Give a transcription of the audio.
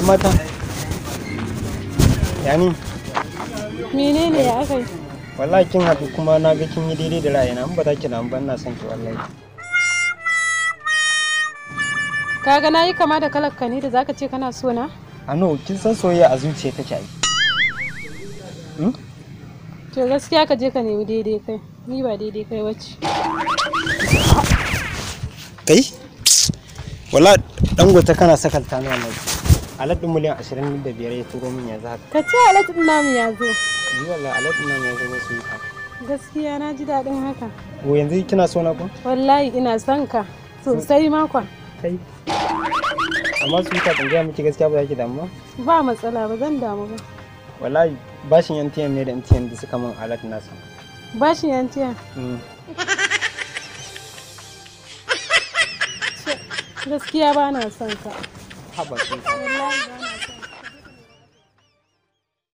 da mata ya ni menene ya kai wallahi kin haɗu kuma na ga kin yi daidai da ra'ayina in ba za ki na ba na son ki wallahi kaga na yi kama da kalakka ne da zaka ce kana so na ano kin san soyayya a zuciya take ai hmm? to gaskiya ka je ka nemi daidai kai ni ba daidai kai wacce kai wala dangote kana sakalta ni wallahi miliyan ashirin da biyar ya turo min yanzu haka ka ce alatun din namu ya zo ni wallahi alatun din namu ya zo su yi gaskiya na ji daɗin haka ko yanzu kina so na ku? wallahi ina son ka sosai makon kai amma su yi kafin gaya miki gaskiya ba za ki damu ba ba matsala ba zan damu ba wallahi bashin yan tiyan ne da yan tiyan da suka min na nasa bashin yan tiyan mm. gaskiya ba na son ka 他不听。